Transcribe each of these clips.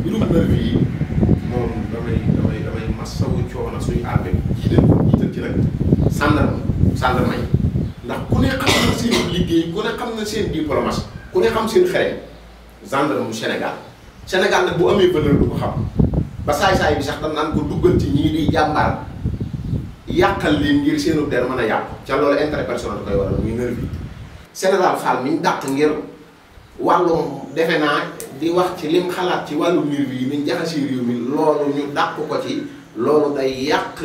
mbirum nervi yi moom damay damay damay masawu coono suñu armée jiite jiital ci rek sàndarma sàndarma yi ndax ku ne xam na seen liggéey ku ne xam na seen diplomatie ku ne xam seen xereñ gendarme Sénégal Sénégal nag bu duggal ci ñii di jàmbaar yàqal leen ngir seenu der mën a yàqu ca loolu intérêt da koy waral muy nervi yi Sénégal Fall mi ñu dàq ngir wàllum defe naa di wax ci lim xalaat ci wàllu mbir bi niñ jaxasee réew mi loolu ñu dàq ko ci loolu day yàq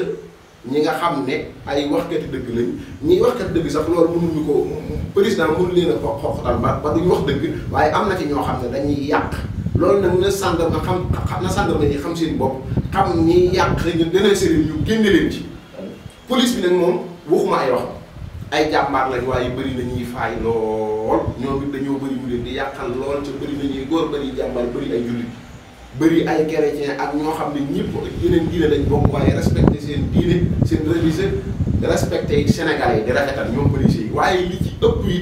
ñi nga xam ne ay waxkati dëgg lañ ñiy waxkati dëgg sax loolu mënuñu ko président mënu leen a ko xoxatal ba ba duñ wax dëgg waaye am na ci ñoo xam ne dañuy yàq loolu nag na sàndar na xam na sàndar na ñi xam seen bopp xam ñi yàq ñu deneen sëriñ ñu génne leen ci police bi nag moom waxuma ay wax ay jàmbaar lañ waaye bëri na faay lool ñoom it dañoo bëri ñu leen di yàqal lool ca bëri na ñuy bëri jàmbaar bëri ay jullit bëri ay chrétien ak ñoo xam ne ñëpp yeneen diine lañ bokk waaye respecté seen diine seen religieux respecté yi Sénégalais yi di rafetal ñoom policiers yi waaye li ci ëpp yi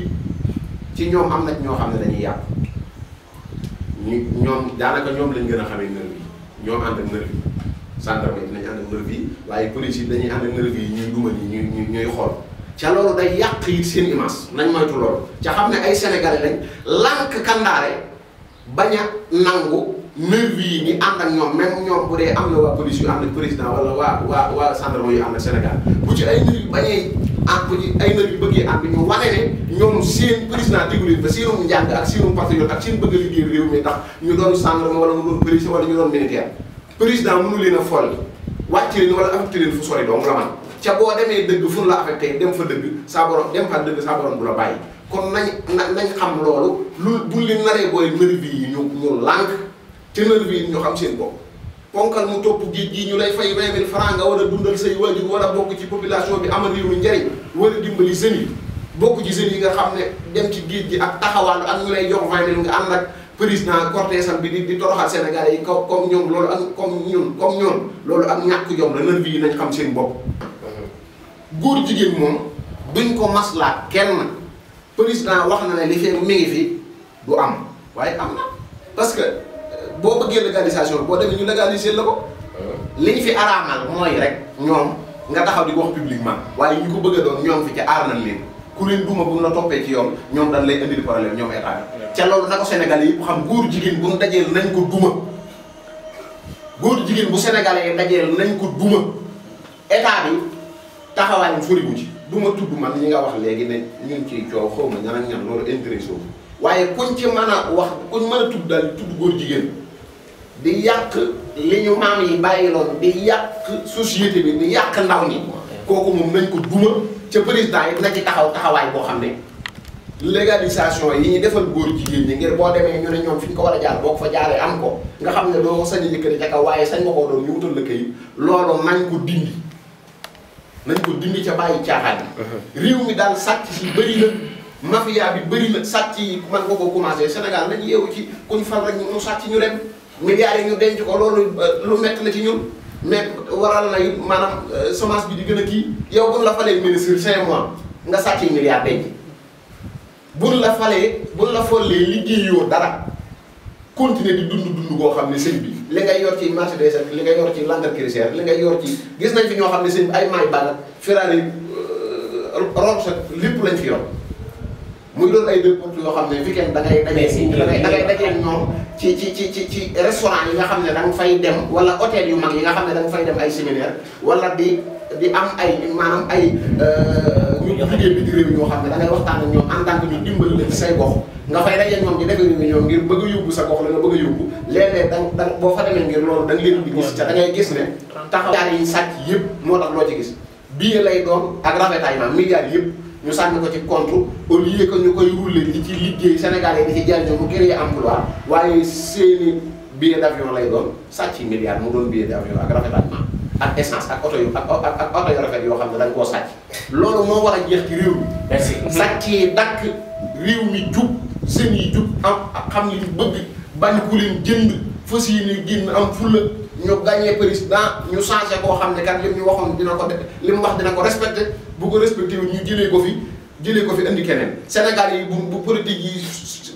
ci ñoom am na ñoo xam ne dañuy yàq ñu ñoom daanaka ñoom lañ gën a xamee nervi yi ñoom ànd ak nervi yi gendarme yi ànd ak nervi yi waaye police yi dañuy ànd ak nervi xool ca loolu day yàq it seen image nañ moytu loolu ca xam ne ay sénégalais lañ lànk kandaare bañ a nangu nervi yi ñi ànd ak ñoom même ñoom bu dee am na waa police yu ànd ak président wala waa waa waa gendarme yu ànd ak Sénégal bu ci ay nervi bañee ñu wane ne ñoom seen président déglu fa seenum njàng ak réew mi ndax ñu doon gendarme wala mu doon police wala ñu doon militaire président mënu leen a folli wàcc leen wala affecté leen fu sori dong la man ca boo demee dëgg fu la affecté dem fa dëgg saa dem fa dëgg saa borom du la bàyyi kon nañ nañ xam loolu lu buñ li naree booy nervi yi ñu ñu lànk te nervi yi ñu xam seen bopp ponkal mu topp ñu lay fay vingt mille francs nga war a dundal say waajur war a bokk ci population bi amal yu njëriñ war a dimbali jeunes yi bokk ci jeunes yi nga xam ne dem ci géej gi ak taxawaalu ak ñu lay jox vingt mille nga ànd ak président cortège am bi di di toroxal Sénégalais yi comme ñoom loolu ak comme ñun comme ñoom loolu ak ñàkk jom la nervi yi nañ xam seen bopp góor jigéen moom duñ ko maslaat kenn président wax na ne li fee mi ngi fi du am waaye am na parce que euh, boo bëggee légalisation boo demee ñu légaliser la ko li ñu fi araamal mooy rek ñoom nga taxaw di ko wax publiquement waaye ñu ko bëgg a doon ñoom fi ca aar nañ leen ku leen duma bu ñu la toppee ci yoon ñoom dañ lay indil problème ñoom état ca loolu na ko Sénégal yi bu xam góor jigéen bu mu dajeel nañ ko duma góor jigéen bu Sénégalais yi dajeel nañ ko duma état taxawaayam furigu ci du ma tudd man ñi nga wax léegi ne ñu ngi ciy coow xaw ma ñan ak ñan loolu intéressé waaye kuñ ci man a wax kuñ mën a tudd daal tudd góor jigéen di yàq li ñu maam yi bàyyiloon di yàq société bi di yàq ndaw ñi kooku moom nañ ko duma ca président yi na ci taxaw taxawaay boo xam ne légalisation yi ñu defal góor jigéen ñi ngir boo demee ñu ne ñoom fi ñu ko war a jaar boo ko fa jaaree am ko nga xam ne doo ko sañ a yëkkati ca waaye sañ nga koo doon ñu wutal ko dindi nañ ko dindi ca bàyyi caaxaan yi uh-huh. réew mi daal sàcc si bëri na mafia bi bëri na sàcc yi man ko ko commencé Sénégal nañ yeewu ci kuñ fal rek mu sàcc ñu dem milliards yi ñu denc ko loolu uh, lu métti la ci ñun mais waral na it maanaam uh, semence bi di gën a kii yow buñ la falee ministre cinq mois nga sàcc milliards denc buñ la falee buñ la follee liggéeyoo dara continuer di dund dund koo xam ne sëñ li ngay yor ci Mercedes ak li ngay yor ci Land Cruiser li ngay yor ci gis nañ fi ñoo xam ne seen ay maay baax Ferrari euh, Rolls lépp lañ fi yor. muy doon ay bépp yoo xam ne weekend da ngay dajee si da ñoom ci ci ci ci restaurant yi nga xam ne da nga fay dem wala hôtel yu mag yi nga xam ne da fay dem ay séminaire wala di di am ay maanaam ay euh, ñu jógee biti réew yoo xam ne da ngay waxtaan ak ñoom en tant que dimbali la say gox nga fay dajee ñoom di defee réunion ngir bëgg a sa gox la nga bëgg a yóbbu léeg-léeg da boo fa demee ngir loolu da nga leen di gis ca da gis ne taxawaay yi sàcc yëpp moo la loo ci gis bii lay doon ak rafetaay maam milliards yëpp ñu sànni ko ci compte au lieu ko ñu koy rouler di ci liggéey sénégalais di ci jariñoo mu am emploi waaye seeni billet d'avion lay doon sàcc milliard mu doon billet d'avion ak rafetalement ak essence ak oto yu ak oto yu rafet yoo xam ne dañ koo sàcc loolu moo war a jeex ci réew mi. merci mm-hmm. sàcc yi dakk réew mi jub seen yi jub am xam ni bëgg bañ ku leen jënd fas yéene génn am fulla ñu gagné président ñu changé koo xam ne kat li ñu waxoon dina ko def li mu wax dina ko respecté. bu ko respecté wu ñu jëlee ko fi jëlee ko fi indi keneen Sénégal yi bu bu politique yi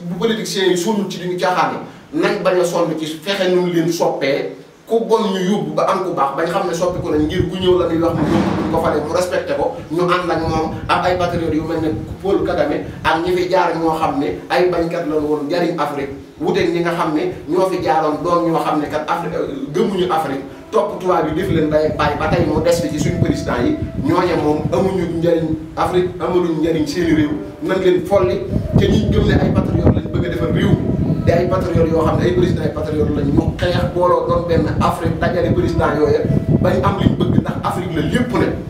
bu politiciens yi sonn ci li ñu caaxaan nañ bañ a sonn ci fexe ñu leen soppee ku bon ñu yóbbu ba am ku baax bañ xam ne soppi ko nañ ngir ku ñëw la di wax mu yóbbu ko fa mu respecté ko ñu ànd ak moom ak ay patriotes yu mel ne Paul Kagame ak ñi fi jaar ñoo xam ne ay bañkat la woon jariñ Afrique wuteeg ñi nga xam ne ñoo fi jaaroon doon ñoo xam ne kat Afrique gëmuñu Afrique. topp tubaab yi def leen day bàyyi ba tey moo des fi ci suñu président yi ñooñe moom amuñu njariñ Afrique amaluñ njariñ seeni réew nan leen folli te ñi gëm ne ay patriote lañ bëgg a defar réew di ay patriote yoo xam ne ay président ay patriote lañ ñu xeex booloo doon benn Afrique dajale président yooya bañ am liñ bëgg ndax Afrique la lépp ne